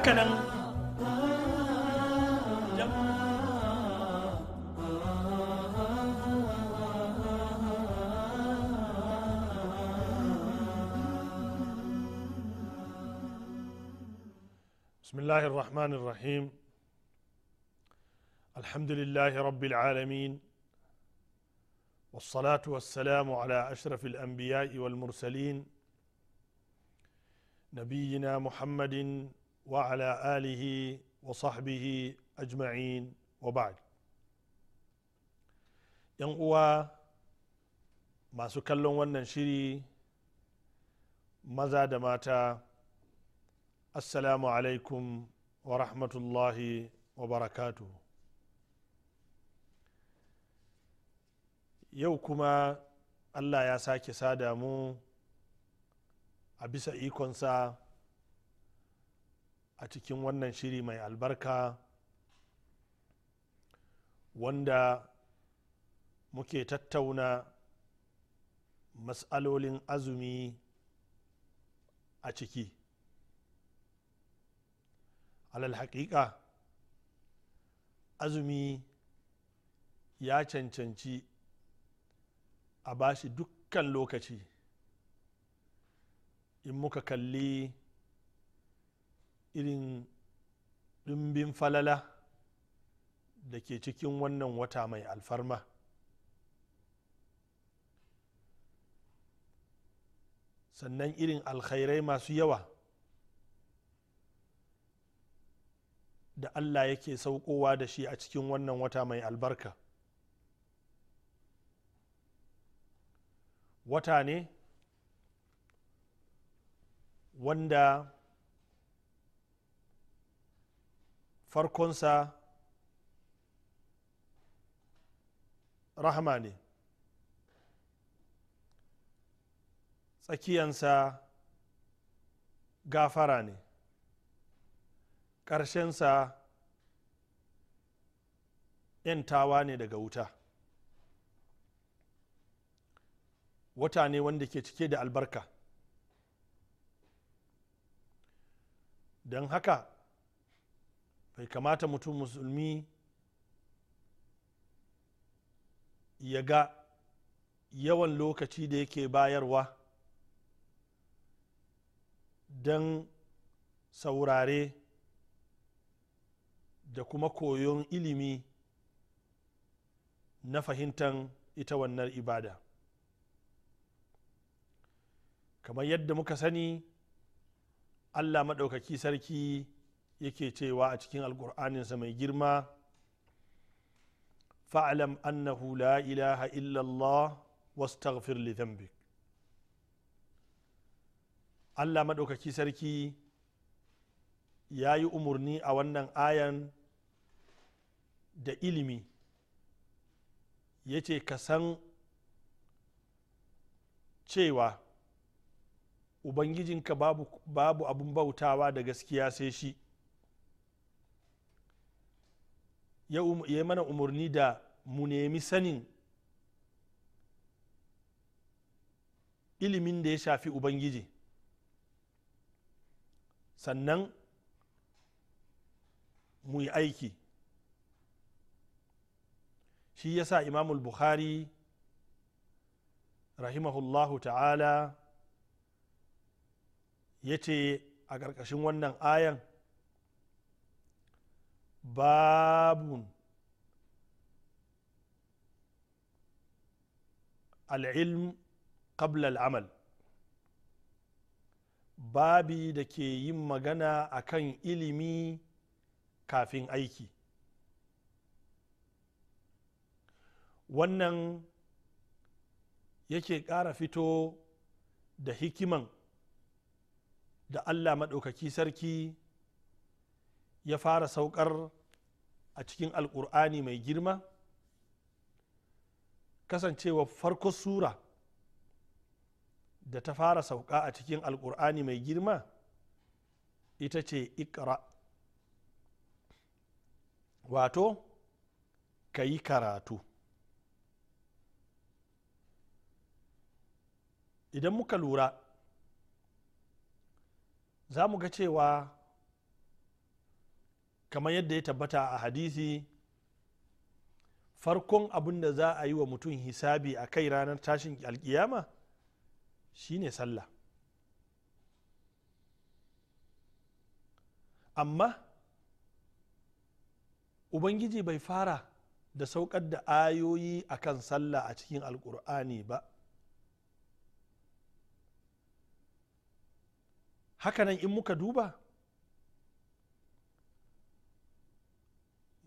haka nan بسم الله الرحمن الرحيم الحمد لله رب العالمين والصلاة والسلام على أشرف الأنبياء والمرسلين نبينا محمد wa آله ajma'in wa وبعد ‘yan uwa masu kallon wannan shiri maza da mata assalamu alaikum wa rahmatullahi wa barakatu yau kuma allah ya sake sada mu a bisa ikonsa a cikin wannan shiri mai albarka wanda muke tattauna matsalolin azumi a ciki alal haƙiƙa azumi ya cancanci a bashi dukkan lokaci in muka kalli irin ɗimbin falala da ke cikin wannan wata mai alfarma sannan irin alkhairai masu yawa da allah yake saukowa da shi a cikin wannan wata mai albarka wata ne wanda farkonsa rahama ne tsakiyansa gafara ne ƙarshensa ‘yantawa ne daga wuta wata ne wanda ke cike da albarka don haka bai kamata mutum musulmi ya ga yawan lokaci da yake bayarwa don saurare da kuma koyon ilimi na fahimtar ita wannan ibada kamar yadda muka sani allah maɗaukaki sarki yake cewa a cikin alkur'aninsa mai girma fa'alam annahu la ilaha illallah wastaghfir li dhanbik Allah maɗaukaki sarki ya yi umarni a wannan ayan da ilimi ya ce ka san cewa ubangijinka babu, babu abin bautawa da gaskiya sai shi ya um-, yi mana umarni da mu nemi sanin ilimin da ya shafi ubangiji sannan mu yi aiki shi ya sa imamul bukhari rahimahullahu ta'ala ya ce a ƙarƙashin wannan ayan babun al'ilm qabla al'amal babi da ke yin magana a kan ilimi kafin aiki wannan yake ƙara fito da hikiman da allah maɗaukaki sarki ya fara saukar a cikin alkur'ani mai girma kasancewa farko sura da ta fara sauka a cikin alkur'ani mai girma ita ce ikra wato ka yi karatu idan muka lura za mu ga cewa kamar yadda ya tabbata a hadisi farkon abin da za a yi wa mutum hisabi a kai ranar tashin alkiyama shine sallah amma ubangiji bai fara da saukar da ayoyi a kan sallah a cikin alkur'ani ba hakanan in muka duba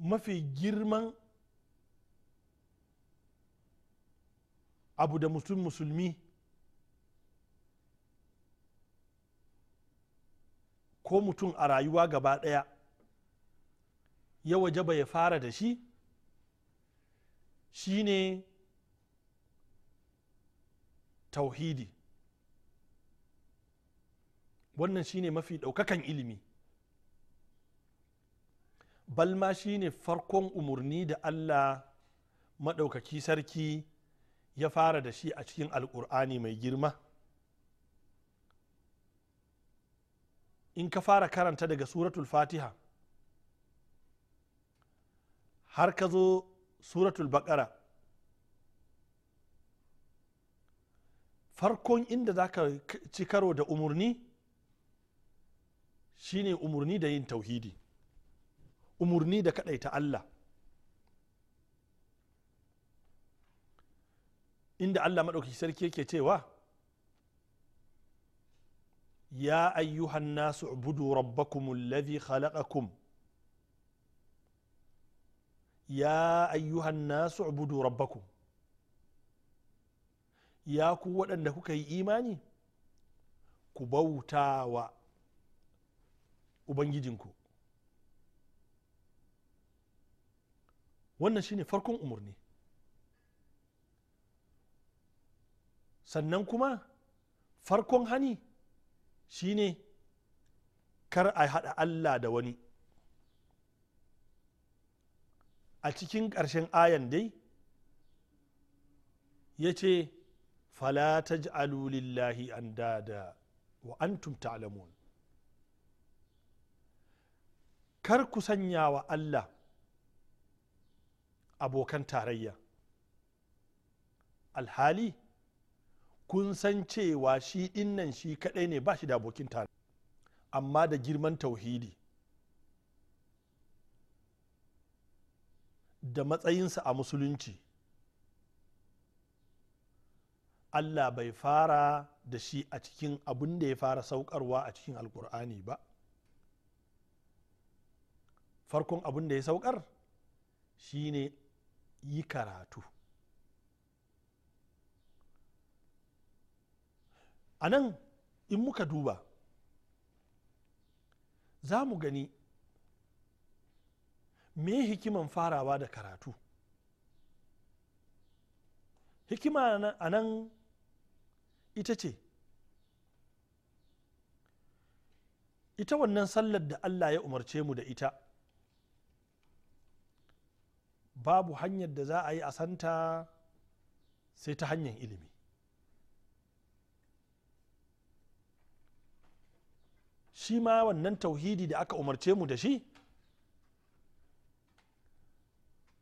mafi girman abu da mutum musulmi ko mutum a rayuwa gaba ɗaya ya waje ba ya fara da shi shi ne tauhidi wannan shi ne mafi ɗaukakan ilimi balma shine farkon umarni da allah maɗaukaki sarki ya fara da shi a cikin Alƙur'ani mai girma in ka fara karanta daga suratul fatiha har ka zo suratul baƙara farkon inda za ka ci karo da umarni shine umarni da yin tauhidi umarni da kaɗaita Allah inda Allah maɗauki sarki yake cewa ya ayyuhan nasu ubudu rabbakum alladhi khalaqakum ya ayyuhan nasu ubudu rabbakum ya ku waɗanda kuka yi imani ku bauta wa ubangijinku wannan shine farkon umarni sannan kuma farkon hani shine kar a haɗa allah da wani a cikin ƙarshen ayan dai ya ce ji alulillahi an dada wa antum ta'lamun kar ku sanya wa allah abokan tarayya alhali kun san cewa shi dinnan shi kadai ne ba shi da abokin tarayya amma da girman tauhidi da matsayinsa a musulunci allah bai fara da shi a cikin abin da ya fara saukarwa a cikin alkur'ani ba farkon abin da ya saukar shi ne. yi karatu a nan in muka duba za mu gani me hikiman farawa da karatu hikima a nan ita ce ita wannan sallar da allah ya umarce mu da ita babu hanyar da za a yi a santa sai ta hanyar ilimi shi ma wannan tauhidi da aka umarce mu da shi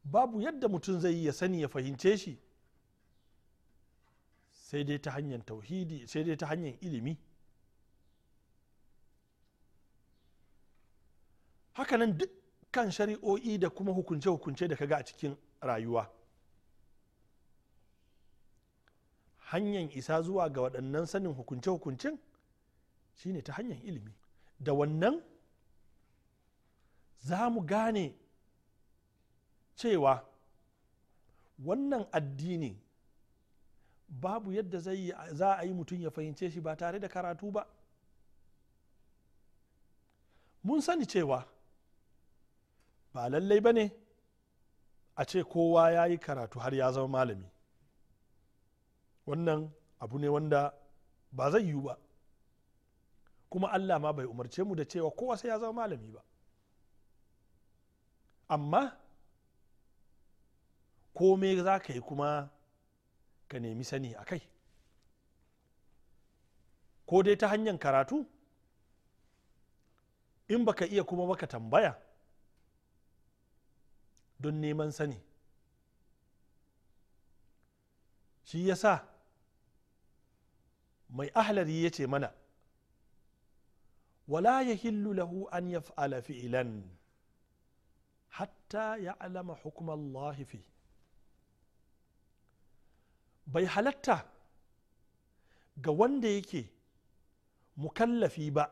babu yadda mutum zai yi ya sani ya fahimce shi sai dai ta hanyar tauhidi sai dai ta hanyar ilimi hakanan duk Kan shari'o'i da kuma hukunce-hukunce da kaga a cikin rayuwa hanyar isa zuwa ga waɗannan sanin hukunce-hukuncen shine ta hanyar ilimi da wannan za mu gane cewa wannan addini babu yadda za a yi mutum ya fahimce shi ba tare da karatu ba mun sani cewa ba lallai ba ne a ce kowa ya yi karatu har ya zama malami wannan abu ne wanda ba zai yiwu ba kuma allah ma bai umarce mu da cewa kowa sai ya zama malami ba amma kome za ka yi kuma ka nemi sani a kai ko dai ta hanyar karatu in baka iya kuma baka tambaya don neman sani shi ya sa mai ahlari ya ce mana wala ya lahu an ya fi'ala fi'ilan hatta ya alama hukumar lahifi bai halatta ga wanda yake mukallafi ba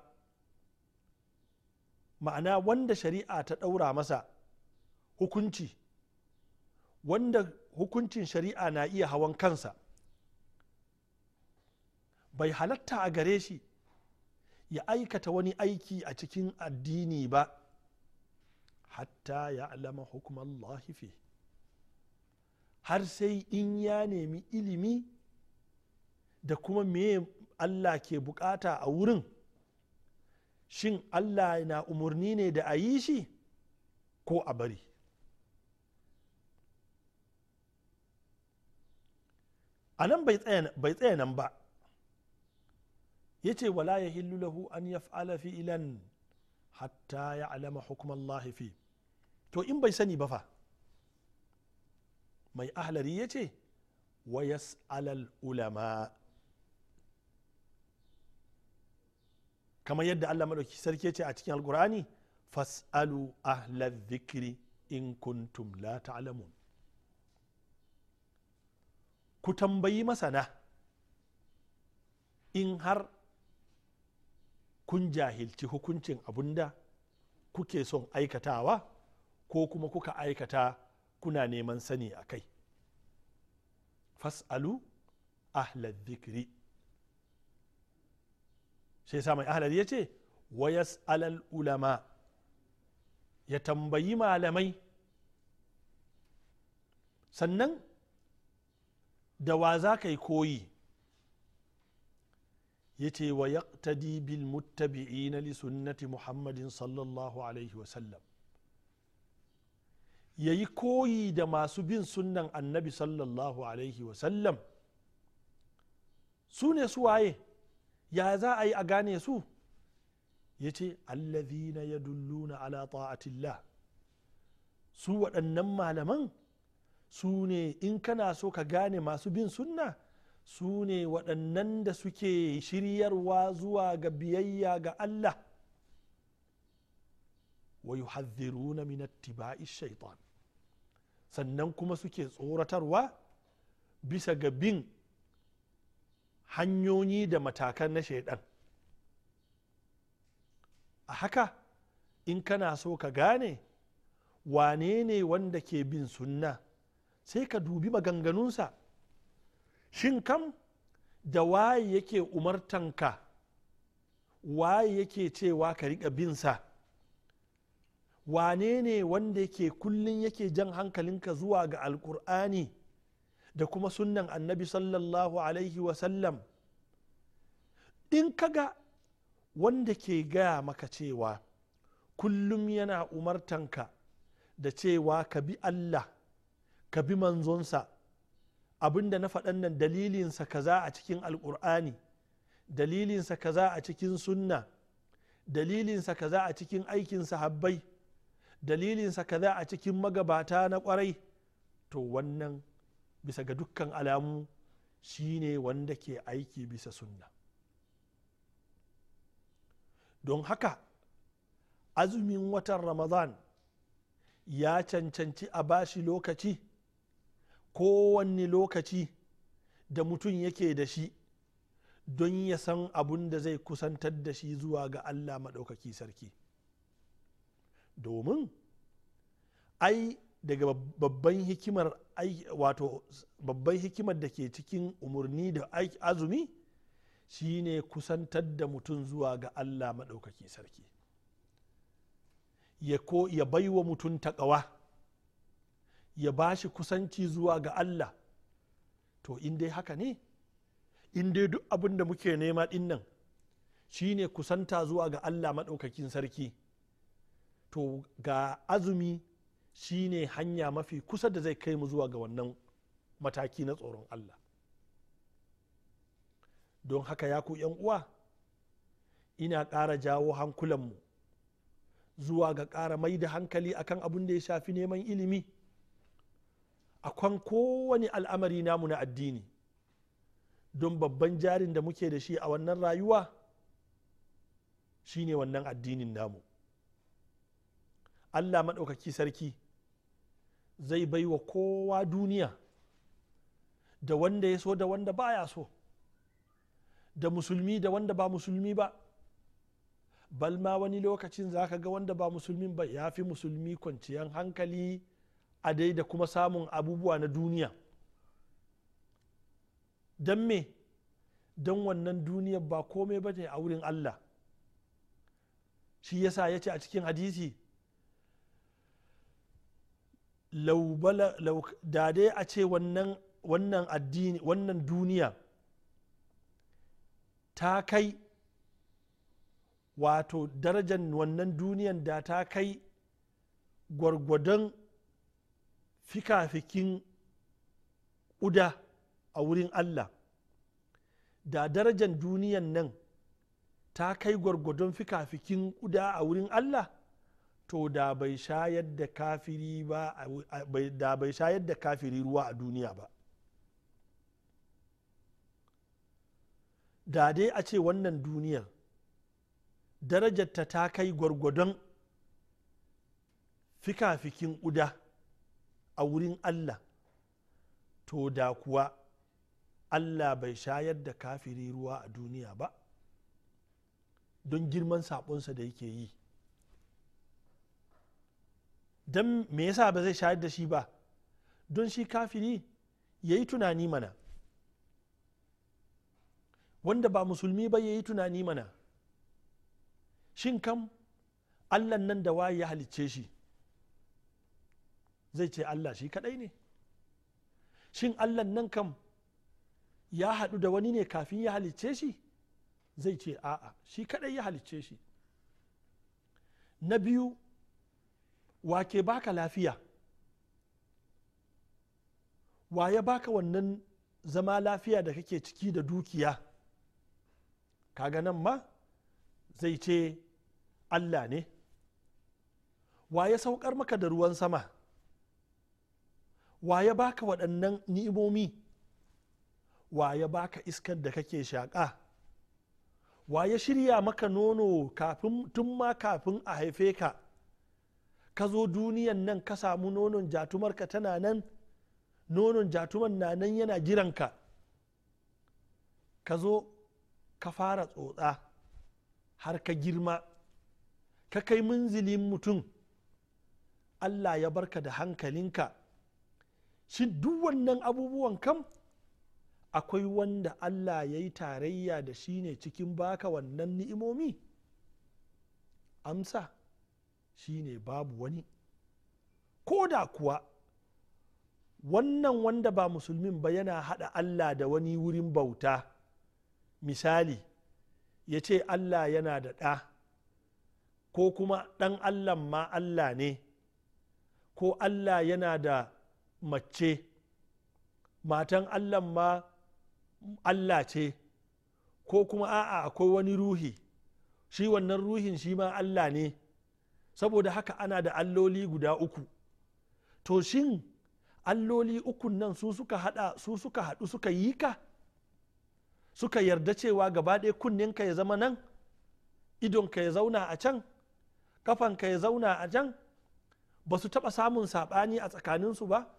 ma'ana wanda shari'a ta ɗaura masa hukunci wanda hukuncin shari'a na iya hawan kansa bai halatta a gare shi ya aikata wani aiki a cikin addini ba hatta ya alama hukumar fi har sai in ya nemi ilimi da kuma me allah ke bukata a wurin shin allah na umarni ne da a yi shi ko a bari a nan bai tsaya nan ba ya ce wala ya hillu lahu an ya fi ilan hatta ya alama hukumallahi fi to in bai sani ba fa mai ahlari ya ce wa yas'alal ulama kamar yadda allah maɗauki sarki ce a cikin alkur'ani fas'alu ahlal zikri in kuntum la ta'lamun ku tambayi masana in har kun jahilci hukuncin abunda kuke son aikatawa ko kuma kuka aikata kuna neman sani a kai fas'alu ahlal zikri sai mai ahlal ya ce wayas alal ulama ya tambayi malamai sannan da wa za ka yi koyi ya ce wa ya bil muttabi'i na li sunnati muhammadin sallallahu alaihi wasallam ya yi koyi da masu bin sunnan annabi sallallahu alaihi wasallam su ne su waye ya za a yi a gane su ya ce allazina yadulluna ala ta'atillah su waɗannan malaman su ne in kana so ka gane masu bin sunna su ne waɗannan da suke shiryarwa zuwa ga biyayya ga Allah wa haziru na minatti shaitan sannan kuma suke tsoratarwa bisa ga bin hanyoyi da matakan na shaidan a haka in kana so ka gane wane ne wanda ke bin sunna sai ka dubi maganganunsa shin kam da waye yake umartanka waye yake cewa ka riƙa binsa wane ne wanda yake kullum yake jan hankalinka zuwa ga alkur'ani da kuma sunnan annabi sallallahu alaihi wasallam in kaga wanda ke gaya maka cewa kullum yana umartanka da cewa ka bi allah ka bi manzonsa abinda na faɗan nan dalilinsa kaza a cikin alƙur'ani dalilinsa kaza a cikin sunna dalilinsa kaza a cikin aikin sahabbai dalilinsa kaza a cikin magabata na ƙwarai to wannan bisa ga dukkan alamu shine wanda ke aiki bisa sunna don haka azumin watan ramadan ya cancanci a bashi lokaci kowanne lokaci da mutum yake da shi don ya san abun da zai kusantar da shi zuwa ga allah maɗaukaki sarki domin ai daga babban hikimar wato babban hikimar da ke cikin umarni da azumi shine kusantar da mutum zuwa ga allah maɗaukaki sarki ya, ya baiwa mutum taƙawa ya ba shi kusanci zuwa ga allah to in dai haka ne in dai duk abin da muke nema dinnan nan shine kusanta zuwa ga allah maɗaukakin sarki to ga azumi shine hanya mafi kusa da zai kai mu zuwa ga wannan mataki na tsoron allah don haka ya ku uwa ina ƙara jawo hankulanmu zuwa ga ƙara mai da hankali akan abin da ya shafi neman ilimi akan kowane al'amari namu na addini don babban jarin da muke da shi a wannan rayuwa shine wannan addinin namu allah maɗaukaki sarki zai bai wa kowa duniya da wanda ya so da wanda baya so da musulmi da wanda ba musulmi ba balma wani lokacin za ka ga wanda ba musulmin ba ya fi musulmi kwanciyar hankali a dai da kuma samun abubuwa na duniya don me don wannan duniyar ba komai ba ne a wurin allah shi yasa ya ce a cikin hadisi da dai a ce wannan addini wannan duniya ta kai wato darajar wannan duniyan da ta kai gwargwadon Fika fikin ƙuda a wurin allah da darajar duniyan nan ta kai gwargwadon fika fikin uda a wurin allah to da bai shayar da kafiri ba da bai shayar da kafiri ruwa a duniya ba da dai a ce wannan duniyar darajarta ta kai gwargwadon fika-fikin ƙuda a wurin allah to da kuwa allah bai shayar da kafiri ruwa a duniya ba don girman saɓonsa da yake yi don me yasa ba zai shayar da shi ba don shi kafiri ya yi tunani mana wanda ba musulmi ba ya yi tunani mana shin kam allah nan da waye ya halicce shi zai ce allah shi kadai ne shin allah nan kam ya haɗu da wani ne kafin ya halicce shi zai ce a'a shi kadai ya halicce shi na biyu wake baka lafiya wa ya baka wannan zama lafiya da kake ciki da dukiya kaga nan ma zai ce allah ne wa ya saukar maka da ruwan sama wa ya baka waɗannan ni'imomi wa ya baka iskar da kake shaƙa wa ya shirya maka nono kafin tun ma kafin a haife ka ka zo duniyan nan ka samu nonon jatumarka tana nan nonon jatuman na nan yana jiranka ka zo ka fara tsotsa har ka girma ka kai munzilin mutum allah ya barka da hankalinka shi duk wannan abubuwan kam akwai wanda allah ya yi tarayya da shi ne cikin baka wannan ni'imomi amsa shi ne babu wani ko da kuwa wannan wanda ba musulmin ba yana hada allah da wani wurin bauta misali ya ce allah yana da ɗa ko kuma ɗan allah ma allah ne ko allah yana da mace matan allah ma allah ce ko kuma a'a akwai wani ruhi shi wannan ruhin shi ma allah ne saboda haka ana da alloli guda uku to shin alloli ukun nan su suka hada su suka hadu suka yi ka suka yarda cewa gaba ɗaya kunninka ya zama nan idonka ya zauna a can kafanka ya zauna a can ba su taɓa samun saɓani a tsakaninsu ba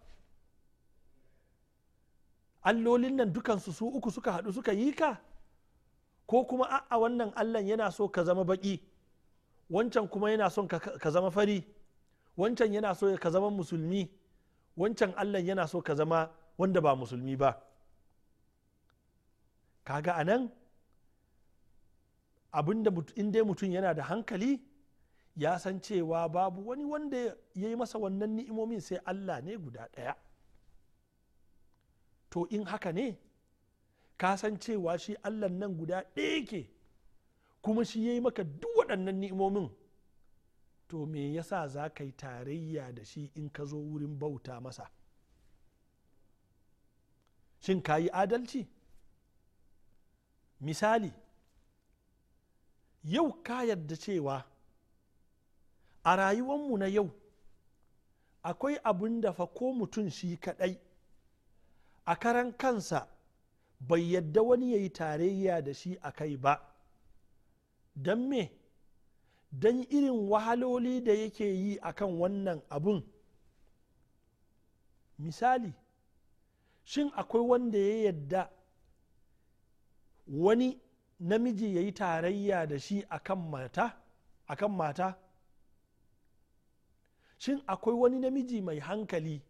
allolin nan dukansu su uku suka haɗu suka yi ka ko kuma a wannan allan yana so ka zama baki wancan kuma yana so ka zama fari wancan yana so ka zama musulmi wancan allan yana so ka zama wanda ba musulmi ba kaga a nan abinda in dai mutum yana da hankali ya san cewa babu wani wanda ya yi masa wannan ni'imomin sai allah ne guda ɗaya to in haka ne ka san cewa shi allah nan guda ɗaya ke kuma shi ya yi maka duk waɗannan ni'imomin to me yasa za ka yi tarayya da shi in ka zo wurin bauta masa shin ka yi adalci misali yau ka yarda cewa a rayuwanmu na yau akwai abin da fa ko mutum shi kaɗai a karan kansa bai yadda wani ya yi tarayya da shi a kai ba don me don irin wahaloli da yake yi a kan wannan abun misali shin akwai wanda ya yadda wani namiji ya yi tarayya da shi a kan mata shin akwai wani namiji mai hankali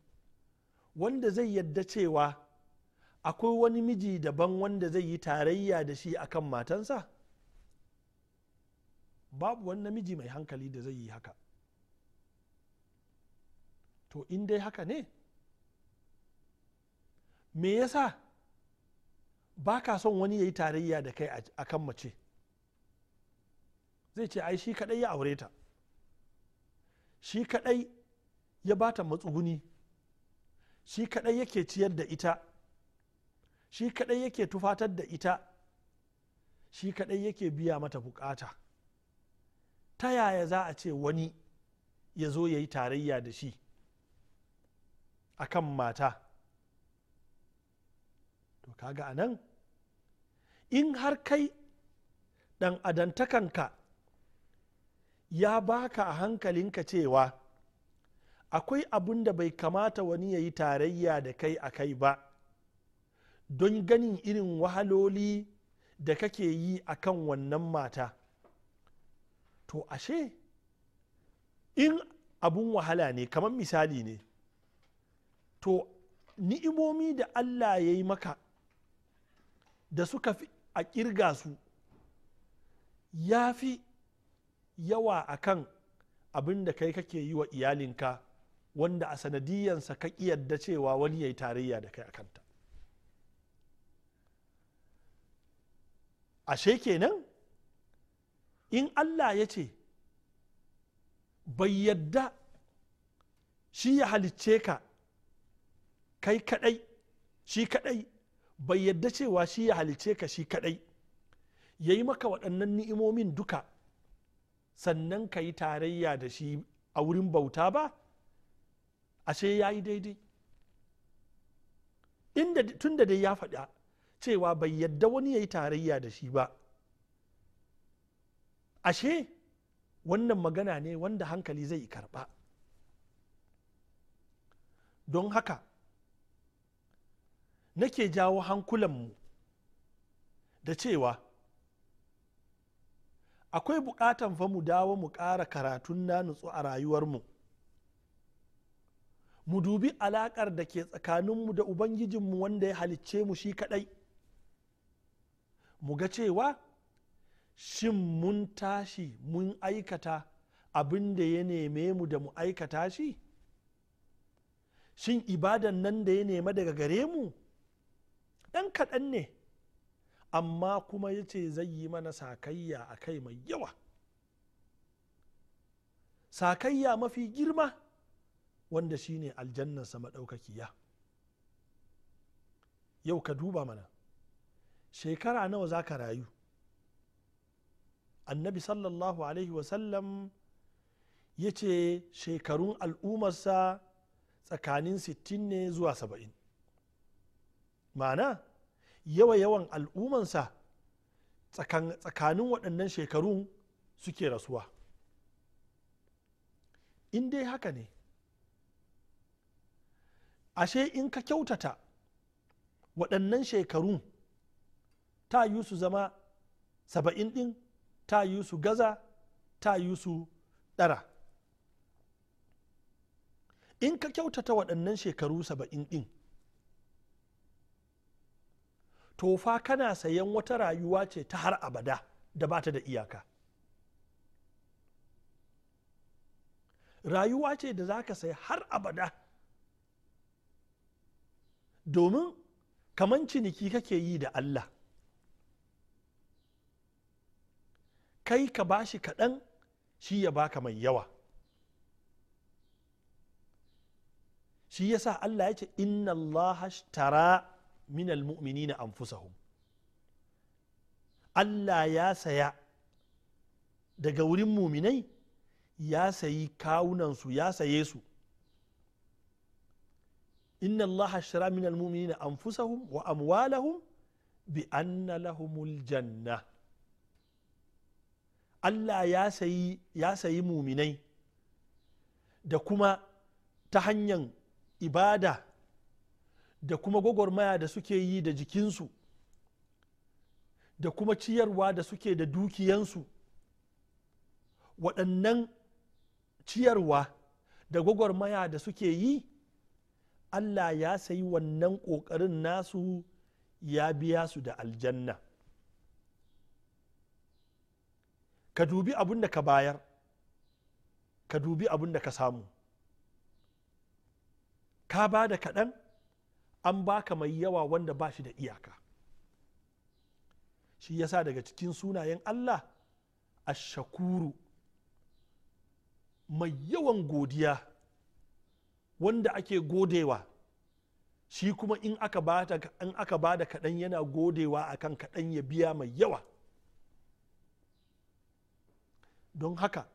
wanda zai yadda cewa akwai wani miji daban wanda zai yi tarayya da shi akan matansa babu wani namiji mai hankali da zai yi haka to in dai haka ne me yasa ba ka son wani ya yi tarayya da kai a kan mace zai ce ai shi kadai ya aure ta shi kadai ya bata matsuguni shi kaɗai yake ciyar da ita shi kaɗai yake tufatar da ita shi kaɗai yake biya mata bukata ta yaya za a ce wani ya zo ya yi tarayya da shi a kan mata to kaga a nan in har kai dan adantakanka ya baka a hankalinka cewa akwai abun da bai kamata wani ya yi tarayya da kai a kai ba don ganin irin wahaloli da kake yi a kan wannan mata to ashe in abun wahala ne kamar misali ne to ni'imomi da allah ya yi maka da suka fi a kirga su ya fi yawa a kan abin da kai kake yi wa iyalinka wanda a sanadiyansa ka yadda cewa wani ya yi tarayya da kai a kanta ashe kenan in allah ya ce bai yadda shi ya halicce ka kai kadai shi kadai bai yadda cewa shi ya halicce ka shi kadai ya yi maka waɗannan ni'imomin duka sannan ka yi tarayya da shi a wurin bauta ba ashe ya yi daidai inda tun da dai ya faɗa cewa bai yadda wani ya yi tarayya da shi ba ashe wannan magana ne wanda hankali zai karɓa don haka nake jawo hankulanmu da cewa akwai bukatan fa mu dawo mu ƙara karatun na nutsu a rayuwar mu. mu dubi alaƙar da ke tsakaninmu da ubangijinmu wanda ya halicce mu shi kaɗai mu ga cewa shin mun tashi mun aikata abin da ya neme mu da mu aikata shi shin ibadan nan da ya nema daga gare mu ɗan kaɗan ne amma kuma ya ce zai yi mana sakayya a kai mai yawa sakayya mafi girma wanda shine aljannansa maɗaukakiya yau ka duba mana shekara nawa za ka rayu annabi sallallahu alaihi wasallam ya ce shekarun al'ummarsa tsakanin sittin ne zuwa saba'in. ma'ana yawa yawan al'umansa tsakanin waɗannan shekarun suke rasuwa in dai haka ne ashe in ka kyautata waɗannan shekaru ta yi su zama saba'in ɗin ta yi su gaza ta yi su ɗara in ka kyautata waɗannan shekaru saba'in ɗin tofa kana sayan wata rayuwa ce ta har abada da ba ta da iyaka rayuwa ce da za ka sai har abada domin kaman ciniki kake yi da Allah kai ka bashi kaɗan shi ya baka mai yawa shi ya sa Allah ya ce inna Allah tara min na anfusahum Allah ya saya daga wurin muminai ya sayi kawunansu ya saye su inna الله اشترى من المؤمنين anfusahum wa amwalahum bi anna janna Allah ya sayi ya sayi muminai da kuma ta hanyar ibada da kuma gwagwarmaya da suke yi da jikinsu da kuma ciyarwa da suke da dukiyansu waɗannan ciyarwa da gwagwarmaya da suke yi allah ya sayi wannan ƙoƙarin nasu ya biya su da aljanna ka dubi abin da ka bayar ka dubi abin da ka samu ka ba da kaɗan an baka mai yawa wanda ba shi da iyaka shi yasa daga cikin sunayen allah ashakuru mai yawan godiya wanda ake godewa shi kuma in aka bada da kaɗan yana godewa akan kaɗan ya biya mai yawa don haka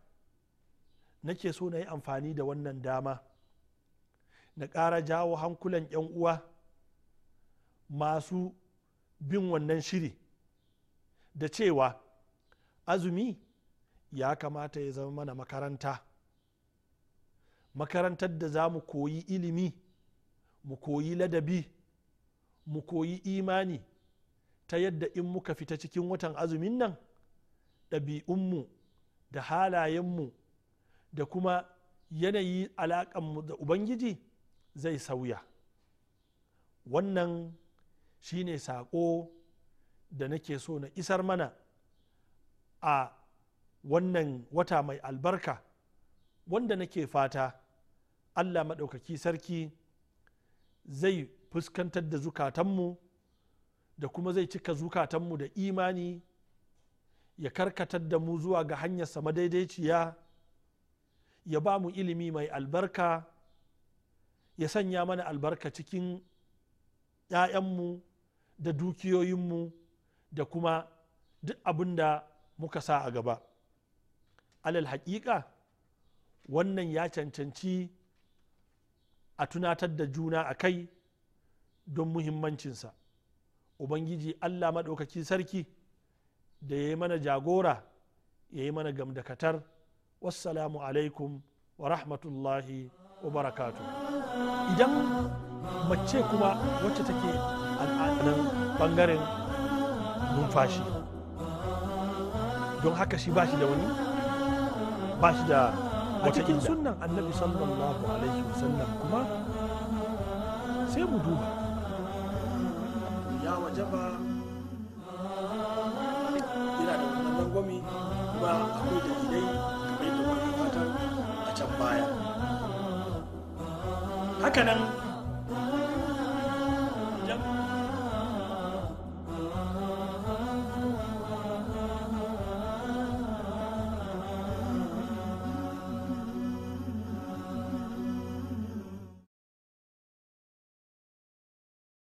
nake so na yi amfani da wannan dama na ƙara jawo hankulan 'yan uwa masu bin wannan shiri da cewa azumi ya kamata ya zama mana makaranta makarantar da za mu koyi ilimi mu koyi ladabi mu koyi imani ta yadda in muka fita cikin watan azumin nan ɗabi'unmu da halayenmu da kuma yanayi alaƙanmu da ubangiji zai sauya wannan shi ne saƙo da nake so na isar mana a wannan wata mai albarka wanda nake fata allah maɗaukaki sarki zai fuskantar da zukatanmu da kuma zai cika zukatanmu da imani ya karkatar da mu zuwa ga hanyar sama daidaiciya ya ba mu ilimi mai albarka ya sanya mana albarka cikin 'ya'yanmu da dukiyoyinmu da kuma duk abin da muka sa a gaba alal haƙiƙa wannan ya cancanci a tunatar da juna a kai don muhimmancinsa ubangiji allah maɗaukaki sarki da ya yi mana jagora ya yi mana gamdakatar wassalamu alaikum wa rahmatullahi wa barakatu idan mace kuma wacce take al'adunan bangaren numfashi don haka shi ba shi da wani ba shi da a cikin sunan annabi sallallahu alaihi wasallam kuma sai mu duba ya waje ba yana da wannan langwami ba akwai da gidai kamar yadda wani a can baya hakanan